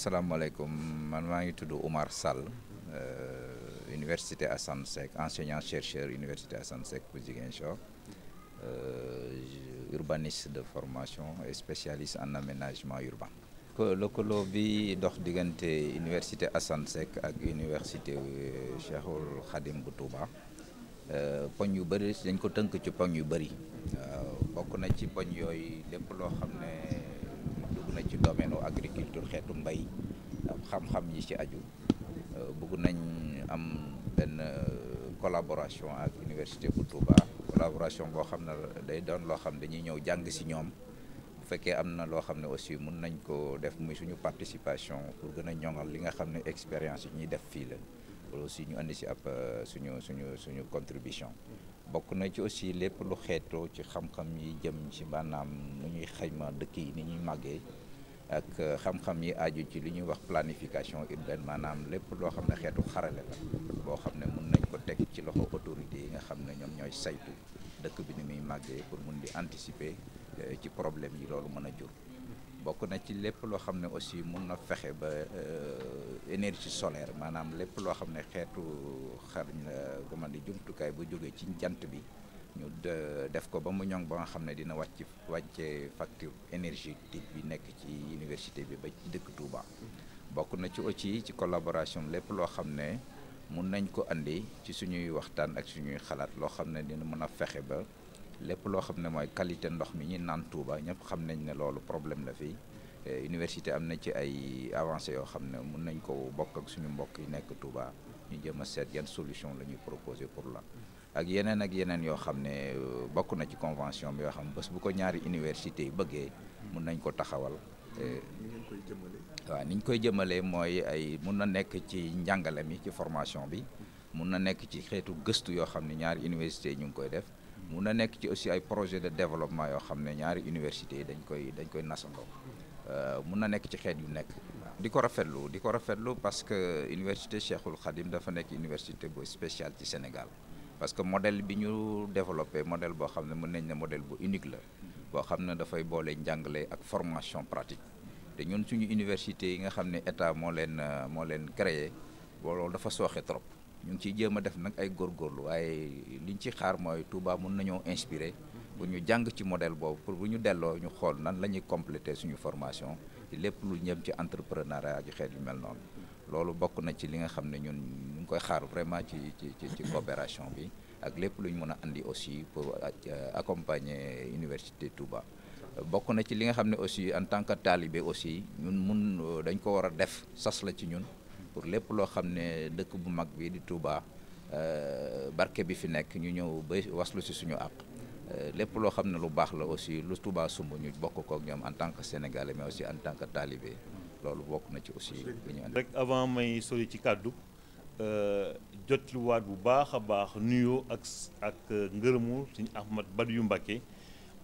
asalaamaaleykum man maa ngi tudd Oumar Sall euh, université Assane Seck enseignant chercheur université Assane Seck bu Ziguinchor euh, urbaniste de formation et spécialiste en aménagement urbain. lëkkaloo bi dox diggante université Assane Seck ak université euh, Cheikhul Khadim bu Touba poñ yu bëri dañ ko tënk ci poñ yu bëri bokk na ci poñ yooyu lépp loo xam ne. na ci domaine agriculture xeetu mbay xam-xam yi ci aju euh, bëgg nañ am benn euh, collaboration ak université bu Touba collaboration boo xam ne day doon loo xam dañuy ñëw jàng si ñoom bu fekkee am na loo xam ne aussi mun nañ ko def muy suñu participation pour gën a ñoŋal li nga xam ne expérience yu ñuy def fii la aussi ñu indi si ab euh, suñu suñu suñu contribution bokk nañ ci aussi lépp lu xeetoo ci xam-xam yi jëm ci maanaam nu ñuy xayma dëkk yi ni ñuy màggee ak euh, xam-xam yi aju ci li ñuy wax planification urbaine maanaam lépp loo xam ne xeetu xarale la boo xam ne mun nañ ko teg ci loxo autorité yi nga xam ne ñoom ñooy saytu dëkk bi ni muy màggee pour mun di anticiper euh, ci problème yi loolu mën a jur bokk na ci lépp loo xam ne aussi mun na fexe ba euh, énergie solaire maanaam lépp loo xam ne xeetu xarañ la comment jumtukaay bu jógee ci jant bi ñu def ko ba mu ñoŋ ba nga xam ne dina wàcc wàcce facture énergétique bi nekk ci université bi ba ci dëkk Touba. bokk na ci aussi ci collaboration lépp loo xam ne mun nañ ko indi ci suñuy waxtaan ak suñuy xalaat loo xam ne dina mën a fexe ba. lépp loo xam ne mooy qualité ndox mi ñu naan Touba ñëpp xam nañ ne loolu problème la fii eh, université am na ci ay avancées yoo xam ne mun nañ ko bokk ak suñu mbokk yi nekk Touba ñu jëm a seet yan solution la ñuy proposer pour la ak yeneen ak yeneen yoo xam ne euh, bokk na ci convention bi yoo xam ne bés bu ko ñaari université yi bëggee mun nañ ko taxawal eh, waaw ni ñu koy jëmalee mooy ay mun na nekk ci njàngale mi ci formation bi mun na nekk ci xeetu gëstu yoo xam ne ñaari université yi ñu ngi koy def mun na nekk ci aussi ay projet de développement yoo xam ne ñaari université dañ koy dañ koy nasandoo euh, mun na nekk ci xeet yu nekk di ko rafetlu di ko rafetlu parce que université Cheikhul Khadim dafa nekk université bu spéciale ci Sénégal parce que modèle bi ñu développé modèle boo xam ne mën nañ ne modèle bu unique la boo xam ne dafay boolee njàngale ak formation pratique te ñun suñu université yi nga xam ne état moo leen moo leen créé loolu dafa sooxee trop ñu ngi ciy jéem a def nag ay góorgóorlu waaye liñ ci xaar mooy Touba mun nañoo inspiré bu ñu jàng ci modèle boobu pour bu ñu delloo ñu xool nan la ñuy suñu formation lépp lu ñëm ci entrepreneuriat ji xeet mel noonu loolu bokk na ci li nga xam ne ñun ñu ngi koy xaar vraiment ci ci ci coopération bi ak lépp lu ñu mën a indi aussi pour euh, accompagner université Touba bokk na ci li nga xam ne aussi en tant que talibé aussi ñun mun euh, dañ ko war a def sas la ci ñun pour lépp loo xam ne dëkk bu mag bi di Touba euh, barke bi fi nekk ñu ñëw ba waslu si suñu àq euh, lépp loo xam ne lu baax la aussi lu Touba sumb ñu bokk kook ñoom en tant que sénégalais mais aussi en tant que talibé loolu bokk na ci aussi. bi ñu rek avant may sori ci kàddu jot euh, jotluwaat bu baax a baax nuyoo ak ak ngërëmu suñu Ahmad yu Mbacké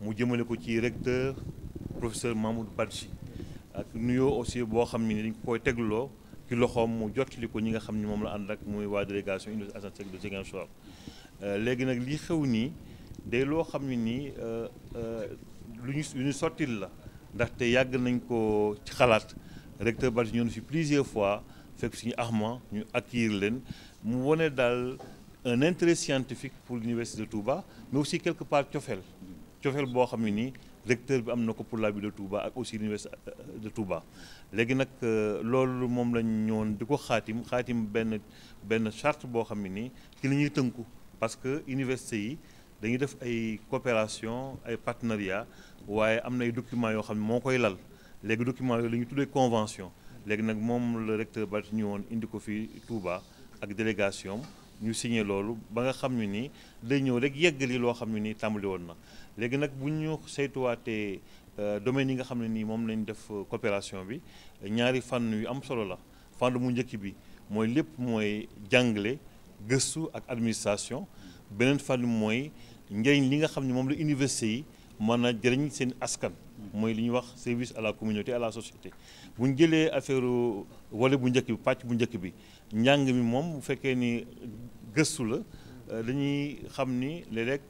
mu jëmale ko ci recteur professeur Mamoud si ak nuyoo aussi boo xam ni dañ koy tegloo. ki loxoom mu jottali ko ñi nga xam ni moom la ànd ak muy waa délégation université Assane Seck de Ziguinchor euh, léegi nag li xew nii day loo xam ne nii euh, euh, lu ñu lu sottil la ndaxte yàgg nañ ko xalaat recteur Badji ñoonu fi plusieurs fois fekk suñu ahma ñu accueillir leen mu wane daal un intérêt scientifique pour l'université de Touba mais aussi quelque part cofeel cofeel boo xam ne nii recteur bi am na ko pour la de Touba ak aussi l'université euh, de Touba léegi nag euh, loolu moom lañ ñëwoon di ko xaatim xaatim benn benn charte boo xam ne nii ci li ñuy tënku parce que université yi dañuy def ay coopération ay partenariat waaye am na ay documents yoo xam ne moo koy lal léegi documents yooyu la ñuy tuddee convention léegi nag moom la recteur ba ñu woon indi ko fi Touba ak délégation ñu signé loolu ba nga xam ne nii day ñëw rek yeggali loo xam ne nii tàmbali woon na léegi nag bu ñu saytuwaatee euh, domaines yi nga xam ne nii moom lañu def euh, coopération bi ñaari fànn yu am solo la fànn bu njëkk bi mooy lépp mooy jàngale gëstu ak administration beneen fànn mooy njëriñ li nga xam ni moom la université yi mën a jëriñ seen askan mooy li ñuy wax service à la communauté à la société buñ jëlee affaire wala bu njëkk bi pàcc bu njëkk bi njàng mi moom bu fekkee ni gëstu la euh, dañuy xam ni léeg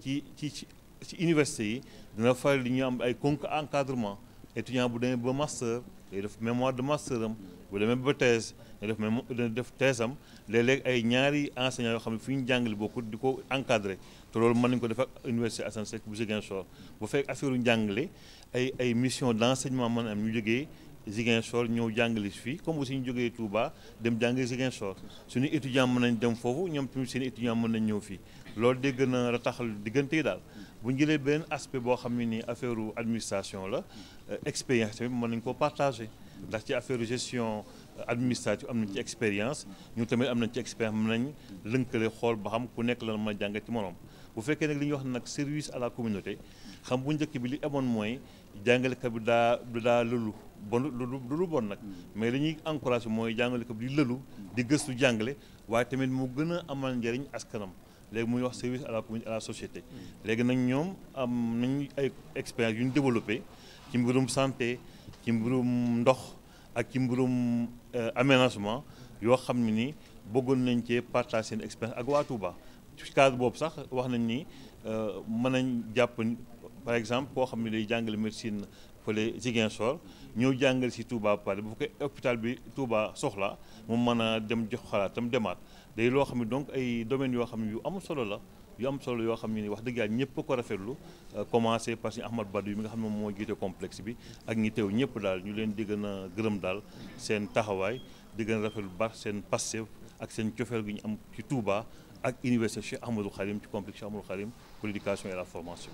ci ci ci ci université yi dina faral di ñu am ay concours encadrement étudiant bu demee ba master day def mémoire de master am bu demee ba thèse day def mémo day def thèse am léeg-léeg ay ñaari enseignants yoo xam ne fi ñu jàngale bokkut di ko encadré te loolu mën nañ ko def ak université Assane Seck bu Ziguinchor bu fekk affaire njàngale ay ay mission d' man am ñu jógee Ziguinchor ñëw jàngale si fii comme aussi ñu jógee Touba dem jàngi Ziguinchor suñu étudiant mën nañ dem foofu ñoom tamit seen étudiant mën nañ ñëw fii loolu dégg na rataxal diggante yi daal bu ñu jëlee beneen aspect boo xam ne ni affaire administration la euh, expérience tamit mën nañ ko partagé ndax ci affaire gestion euh, administrative am nañ ci expérience ñu tamit am nañ ci expérience mën nañ lënkale xool ba xam ku nekk lan ma a jàngat ci moroom bu fekkee nag li ñuy wax nag service à la communauté xam bu njëkk bi li amoon mooy jàngalekat bi daa daa lëlu bon lu lu lu bon nag mais li ñuy encouragé mooy jàngale ko di lëlu di gëstu jàngale waaye tamit mu gën a amal njëriñ askanam léegi muy wax service à la communauté à la société léegi nag ñoom am nañu ay expérience yu ñu développé ci mbirum santé ci mbirum ndox ak ci mbirum euh, aménagement yoo xam ne nii bëggoon nañ cee partage seen expérience ak waa Touba ci cadre boobu sax wax nañ ni euh, mën nañ jàpp par exemple koo xam ne day jàngale médecine fële Ziguinchor ñëw jàngal si Touba pare bu fekkee hôpital bi Touba soxla mu mën a dem jox tam demaat day loo xam ne donc ay domaines yoo xam ne yu am solo la yu am solo yoo xam ne wax dëgg yàlla ñëpp ko rafetlu euh, commencé parce que Ahmad yi mi nga xam ne moo jiite complexe bi ak ñi teew ñëpp daal ñu leen di gën a gërëm daal seen taxawaay di gën rafet lu baax seen passé ak seen cofeel gi ñu am ci Touba ak université Cheikh Ahmadou Khadim ci complexe Cheikh Ahmadou Khadim la formation.